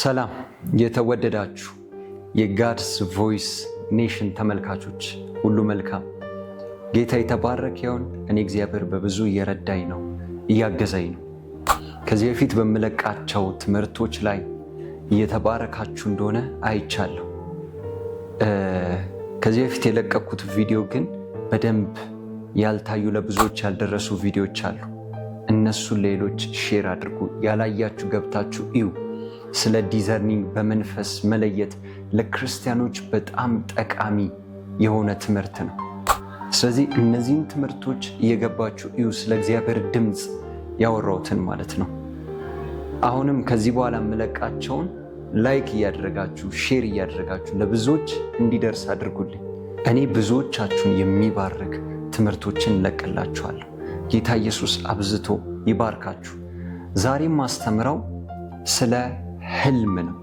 ሰላም የተወደዳችሁ የጋድስ ቮይስ ኔሽን ተመልካቾች ሁሉ መልካም ጌታ የተባረክ ይሁን። እኔ እግዚአብሔር በብዙ እየረዳኝ ነው፣ እያገዘኝ ነው። ከዚህ በፊት በምለቃቸው ትምህርቶች ላይ እየተባረካችሁ እንደሆነ አይቻለሁ። ከዚህ በፊት የለቀኩት ቪዲዮ ግን በደንብ ያልታዩ ለብዙዎች ያልደረሱ ቪዲዮዎች አሉ። እነሱን ሌሎች ሼር አድርጉ። ያላያችሁ ገብታችሁ እዩ። ስለ ዲዘርኒንግ በመንፈስ መለየት ለክርስቲያኖች በጣም ጠቃሚ የሆነ ትምህርት ነው። ስለዚህ እነዚህን ትምህርቶች እየገባችሁ እዩ፣ ስለ እግዚአብሔር ድምፅ ያወራሁትን ማለት ነው። አሁንም ከዚህ በኋላ የምለቃቸውን ላይክ እያደረጋችሁ ሼር እያደረጋችሁ ለብዙዎች እንዲደርስ አድርጉልኝ። እኔ ብዙዎቻችሁን የሚባርክ ትምህርቶችን እለቅላችኋለሁ። ጌታ ኢየሱስ አብዝቶ ይባርካችሁ። ዛሬም ማስተምረው ስለ ህልም ነው።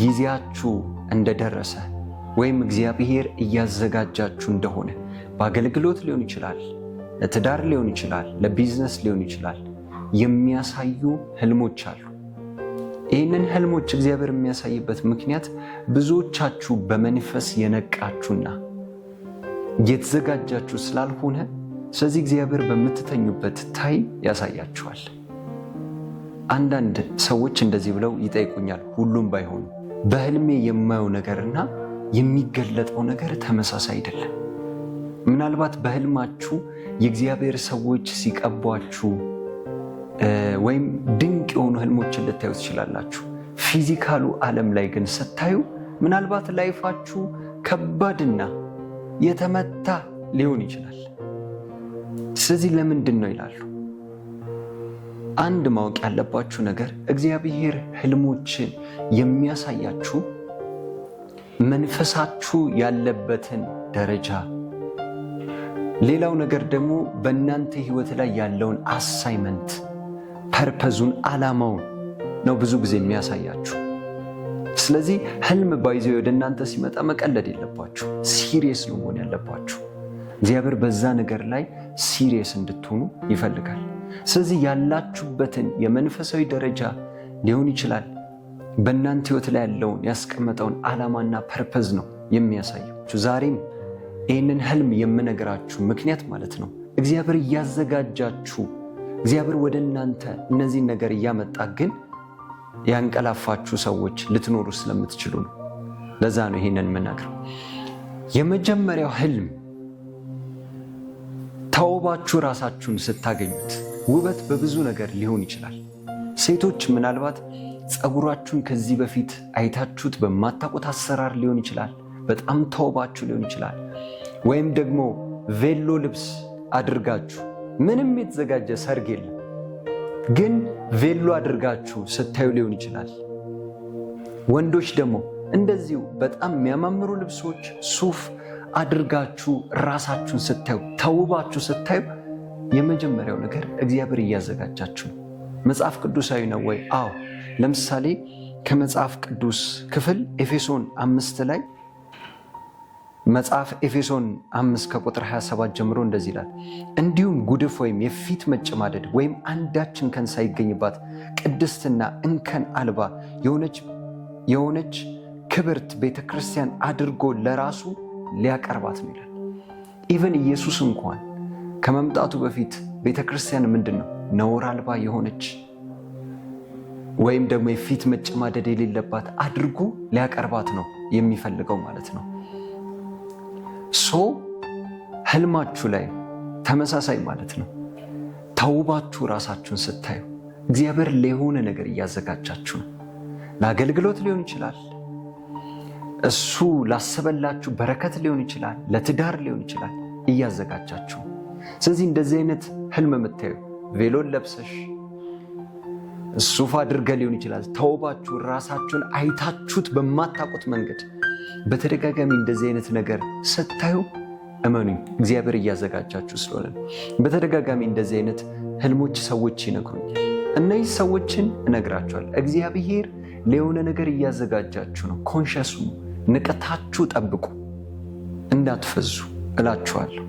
ጊዜያችሁ እንደደረሰ ወይም እግዚአብሔር እያዘጋጃችሁ እንደሆነ በአገልግሎት ሊሆን ይችላል፣ ለትዳር ሊሆን ይችላል፣ ለቢዝነስ ሊሆን ይችላል፣ የሚያሳዩ ህልሞች አሉ። ይህንን ህልሞች እግዚአብሔር የሚያሳይበት ምክንያት ብዙዎቻችሁ በመንፈስ የነቃችሁና የተዘጋጃችሁ ስላልሆነ፣ ስለዚህ እግዚአብሔር በምትተኙበት ታይ ያሳያችኋል። አንዳንድ ሰዎች እንደዚህ ብለው ይጠይቁኛል። ሁሉም ባይሆኑ በህልሜ የማየው ነገርና የሚገለጠው ነገር ተመሳሳይ አይደለም። ምናልባት በህልማችሁ የእግዚአብሔር ሰዎች ሲቀቧችሁ ወይም ድንቅ የሆኑ ህልሞችን ልታዩ ትችላላችሁ። ፊዚካሉ ዓለም ላይ ግን ስታዩ ምናልባት ላይፋችሁ ከባድና የተመታ ሊሆን ይችላል። ስለዚህ ለምንድን ነው ይላሉ አንድ ማወቅ ያለባችሁ ነገር እግዚአብሔር ህልሞችን የሚያሳያችሁ መንፈሳችሁ ያለበትን ደረጃ፣ ሌላው ነገር ደግሞ በእናንተ ህይወት ላይ ያለውን አሳይመንት ፐርፐዙን አላማውን ነው ብዙ ጊዜ የሚያሳያችሁ። ስለዚህ ህልም ባይዘው ወደ እናንተ ሲመጣ መቀለድ የለባችሁ። ሲሪየስ ነው መሆን ያለባችሁ። እግዚአብሔር በዛ ነገር ላይ ሲሪየስ እንድትሆኑ ይፈልጋል። ስለዚህ ያላችሁበትን የመንፈሳዊ ደረጃ ሊሆን ይችላል በእናንተ ህይወት ላይ ያለውን ያስቀመጠውን ዓላማና ፐርፐዝ ነው የሚያሳየው። ዛሬም ይህንን ህልም የምነግራችሁ ምክንያት ማለት ነው እግዚአብሔር እያዘጋጃችሁ እግዚአብሔር ወደ እናንተ እነዚህን ነገር እያመጣ ግን ያንቀላፋችሁ ሰዎች ልትኖሩ ስለምትችሉ ነው። ለዛ ነው ይህንን የምነግረው። የመጀመሪያው ህልም ተውባችሁ ራሳችሁን ስታገኙት ውበት በብዙ ነገር ሊሆን ይችላል። ሴቶች ምናልባት ፀጉራችሁን ከዚህ በፊት አይታችሁት በማታውቁት አሰራር ሊሆን ይችላል። በጣም ተውባችሁ ሊሆን ይችላል። ወይም ደግሞ ቬሎ ልብስ አድርጋችሁ ምንም የተዘጋጀ ሰርግ የለም፣ ግን ቬሎ አድርጋችሁ ስታዩ ሊሆን ይችላል። ወንዶች ደግሞ እንደዚሁ በጣም የሚያማምሩ ልብሶች ሱፍ አድርጋችሁ ራሳችሁን ስታዩ ተውባችሁ ስታዩ የመጀመሪያው ነገር እግዚአብሔር እያዘጋጃችሁ ነው። መጽሐፍ ቅዱሳዊ ነው ወይ? አዎ። ለምሳሌ ከመጽሐፍ ቅዱስ ክፍል ኤፌሶን አምስት ላይ መጽሐፍ ኤፌሶን አምስት ከቁጥር 27 ጀምሮ እንደዚህ ይላል፣ እንዲሁም ጉድፍ ወይም የፊት መጨማደድ ወይም አንዳች እንከን ሳይገኝባት ቅድስትና እንከን አልባ የሆነች ክብርት ቤተክርስቲያን አድርጎ ለራሱ ሊያቀርባት ነው ይላል። ኢቨን ኢየሱስ እንኳን ከመምጣቱ በፊት ቤተ ክርስቲያን ምንድን ነው? ነውር አልባ የሆነች ወይም ደግሞ የፊት መጨማደድ የሌለባት አድርጎ ሊያቀርባት ነው የሚፈልገው ማለት ነው። ሶ ህልማችሁ ላይ ተመሳሳይ ማለት ነው። ተውባችሁ ራሳችሁን ስታዩ እግዚአብሔር ለሆነ ነገር እያዘጋጃችሁ ነው። ለአገልግሎት ሊሆን ይችላል። እሱ ላሰበላችሁ በረከት ሊሆን ይችላል። ለትዳር ሊሆን ይችላል። እያዘጋጃችሁ ስለዚህ እንደዚህ አይነት ህልም የምታዩ ቬሎን ለብሰሽ ሱፍ አድርገ ሊሆን ይችላል። ተውባችሁ ራሳችሁን አይታችሁት በማታውቁት መንገድ በተደጋጋሚ እንደዚህ አይነት ነገር ስታዩ እመኑኝ እግዚአብሔር እያዘጋጃችሁ ስለሆነ በተደጋጋሚ እንደዚህ አይነት ህልሞች ሰዎች ይነግሩኛል። እነዚህ ሰዎችን እነግራቸዋል። እግዚአብሔር ለሆነ ነገር እያዘጋጃችሁ ነው። ኮንሸሱ ንቀታችሁ ጠብቁ፣ እንዳትፈዙ እላችኋለሁ።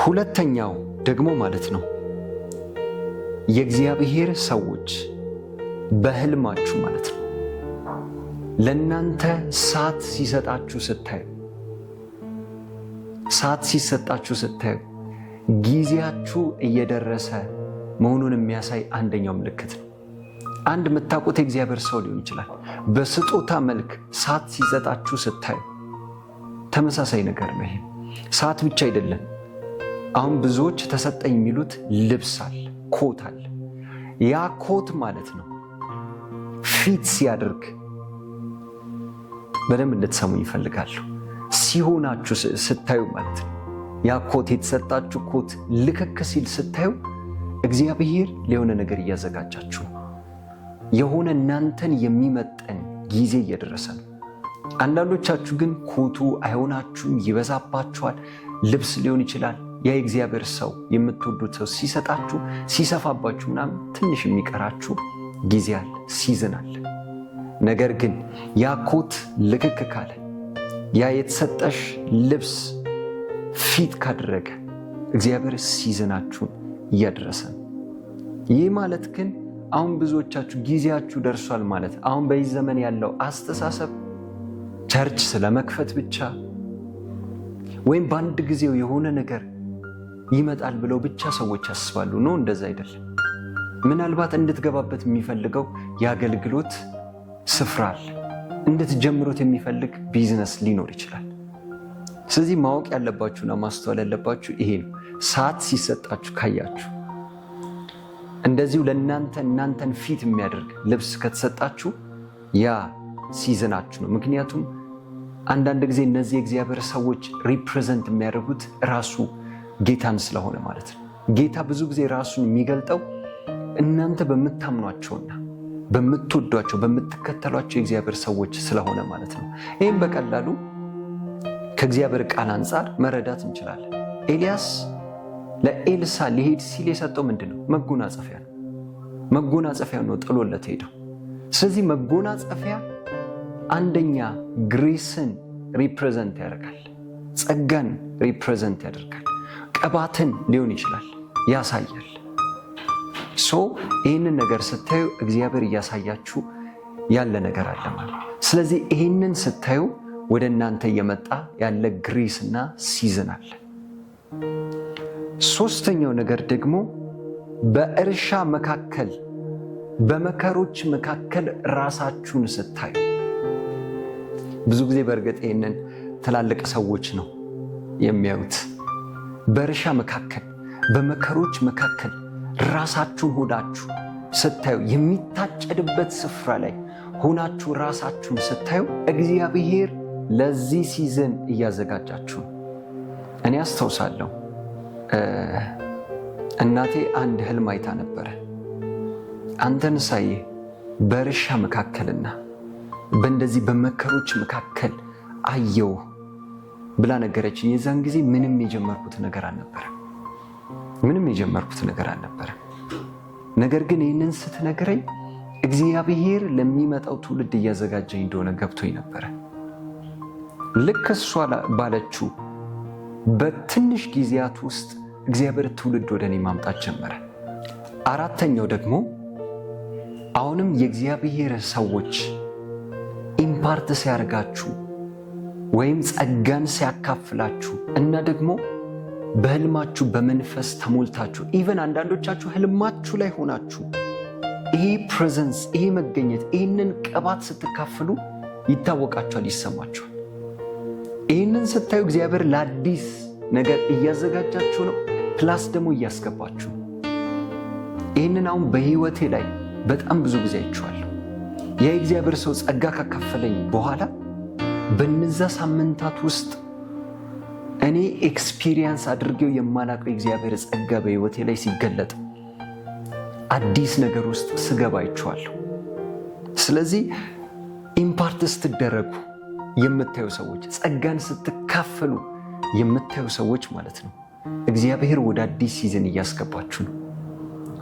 ሁለተኛው ደግሞ ማለት ነው የእግዚአብሔር ሰዎች በህልማችሁ ማለት ነው ለእናንተ ሳት ሲሰጣችሁ ስታዩ ሳት ሲሰጣችሁ ስታዩ ጊዜያችሁ እየደረሰ መሆኑን የሚያሳይ አንደኛው ምልክት ነው። አንድ የምታውቁት የእግዚአብሔር ሰው ሊሆን ይችላል። በስጦታ መልክ ሳት ሲሰጣችሁ ስታዩ ተመሳሳይ ነገር ነው። ይሄ ሳት ብቻ አይደለም አሁን ብዙዎች ተሰጠኝ የሚሉት ልብስ አለ፣ ኮት አለ። ያ ኮት ማለት ነው ፊት ሲያደርግ በደንብ እንድትሰሙኝ ይፈልጋለሁ። ሲሆናችሁ ስታዩ ማለት ነው ያ ኮት የተሰጣችሁ ኮት ልክክ ሲል ስታዩ እግዚአብሔር ለሆነ ነገር እያዘጋጃችሁ የሆነ እናንተን የሚመጠን ጊዜ እየደረሰ ነው። አንዳንዶቻችሁ ግን ኮቱ አይሆናችሁም፣ ይበዛባችኋል። ልብስ ሊሆን ይችላል ያ የእግዚአብሔር ሰው የምትወዱት ሰው ሲሰጣችሁ ሲሰፋባችሁ ምናምን ትንሽ የሚቀራችሁ ጊዜ አለ፣ ሲዝን አለ። ነገር ግን ያ ኮት ልክክ ካለ ያ የተሰጠሽ ልብስ ፊት ካደረገ እግዚአብሔር ሲዝናችሁን እያደረሰ ነው። ይህ ማለት ግን አሁን ብዙዎቻችሁ ጊዜያችሁ ደርሷል ማለት አሁን በዚህ ዘመን ያለው አስተሳሰብ ቸርች ስለመክፈት ብቻ ወይም በአንድ ጊዜው የሆነ ነገር ይመጣል ብለው ብቻ ሰዎች ያስባሉ። ነው እንደዛ አይደለም። ምናልባት እንድትገባበት የሚፈልገው የአገልግሎት ስፍራ አለ። እንድትጀምሩት የሚፈልግ ቢዝነስ ሊኖር ይችላል። ስለዚህ ማወቅ ያለባችሁና ማስተዋል ያለባችሁ ይሄ ነው። ሰዓት ሲሰጣችሁ ካያችሁ እንደዚሁ ለእናንተ እናንተን ፊት የሚያደርግ ልብስ ከተሰጣችሁ ያ ሲዘናችሁ ነው። ምክንያቱም አንዳንድ ጊዜ እነዚህ የእግዚአብሔር ሰዎች ሪፕሬዘንት የሚያደርጉት ራሱ ጌታን ስለሆነ ማለት ነው። ጌታ ብዙ ጊዜ ራሱን የሚገልጠው እናንተ በምታምኗቸውና በምትወዷቸው በምትከተሏቸው የእግዚአብሔር ሰዎች ስለሆነ ማለት ነው። ይህም በቀላሉ ከእግዚአብሔር ቃል አንጻር መረዳት እንችላለን። ኤልያስ ለኤልሳ ሊሄድ ሲል የሰጠው ምንድን ነው? መጎናጸፊያ ነው። መጎናጸፊያ ነው ጥሎለት ሄደው። ስለዚህ መጎናጸፊያ አንደኛ ግሬስን ሪፕሬዘንት ያደርጋል፣ ጸጋን ሪፕሬዘንት ያደርጋል። መቀባትን ሊሆን ይችላል ያሳያል። ሶ ይህንን ነገር ስታዩ እግዚአብሔር እያሳያችሁ ያለ ነገር አለ ማለት። ስለዚህ ይህንን ስታዩ ወደ እናንተ እየመጣ ያለ ግሪስ እና ሲዝን አለ። ሶስተኛው ነገር ደግሞ በእርሻ መካከል በመከሮች መካከል ራሳችሁን ስታዩ ብዙ ጊዜ በእርግጥ ይህንን ትላልቅ ሰዎች ነው የሚያዩት በእርሻ መካከል በመከሮች መካከል ራሳችሁን ሆዳችሁ ስታዩ የሚታጨድበት ስፍራ ላይ ሆናችሁ ራሳችሁን ስታዩ እግዚአብሔር ለዚህ ሲዝን እያዘጋጃችሁ ነው። እኔ አስታውሳለሁ እናቴ አንድ ህልም አይታ ነበረ። አንተን ሳዬ በእርሻ መካከልና በእንደዚህ በመከሮች መካከል አየው ብላ ነገረችኝ። የዛን ጊዜ ምንም የጀመርኩት ነገር አልነበረ፣ ምንም የጀመርኩት ነገር አልነበረ። ነገር ግን ይህንን ስትነግረኝ እግዚአብሔር ለሚመጣው ትውልድ እያዘጋጀኝ እንደሆነ ገብቶኝ ነበረ። ልክ እሷ ባለችው በትንሽ ጊዜያት ውስጥ እግዚአብሔር ትውልድ ወደ እኔ ማምጣት ጀመረ። አራተኛው ደግሞ አሁንም የእግዚአብሔር ሰዎች ኢምፓርት ሲያደርጋችሁ ወይም ጸጋን ሲያካፍላችሁ እና ደግሞ በህልማችሁ በመንፈስ ተሞልታችሁ ኢቨን አንዳንዶቻችሁ ህልማችሁ ላይ ሆናችሁ ይሄ ፕሬዘንስ ይሄ መገኘት ይህንን ቅባት ስትካፍሉ ይታወቃችኋል፣ ይሰማችኋል። ይህንን ስታዩ እግዚአብሔር ለአዲስ ነገር እያዘጋጃችሁ ነው፣ ፕላስ ደግሞ እያስገባችሁ ነው። ይህንን አሁን በህይወቴ ላይ በጣም ብዙ ጊዜ አይቼዋለሁ። ያ የእግዚአብሔር ሰው ጸጋ ካካፈለኝ በኋላ በነዛ ሳምንታት ውስጥ እኔ ኤክስፒሪየንስ አድርጌው የማላቀው የእግዚአብሔር ጸጋ በህይወቴ ላይ ሲገለጥ አዲስ ነገር ውስጥ ስገባ አይቼዋለሁ። ስለዚህ ኢምፓርት ስትደረጉ የምታዩ ሰዎች፣ ጸጋን ስትካፈሉ የምታዩ ሰዎች ማለት ነው እግዚአብሔር ወደ አዲስ ሲዝን እያስገባችሁ ነው፣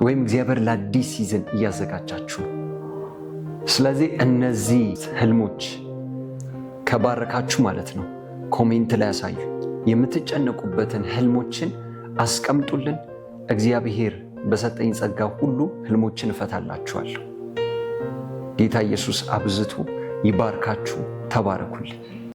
ወይም እግዚአብሔር ለአዲስ ሲዝን እያዘጋጃችሁ ነው። ስለዚህ እነዚህ ህልሞች ከባረካችሁ ማለት ነው ኮሜንት ላይ ያሳዩ። የምትጨነቁበትን ህልሞችን አስቀምጡልን። እግዚአብሔር በሰጠኝ ጸጋ ሁሉ ህልሞችን እፈታላችኋለሁ። ጌታ ኢየሱስ አብዝቶ ይባርካችሁ። ተባረኩልን።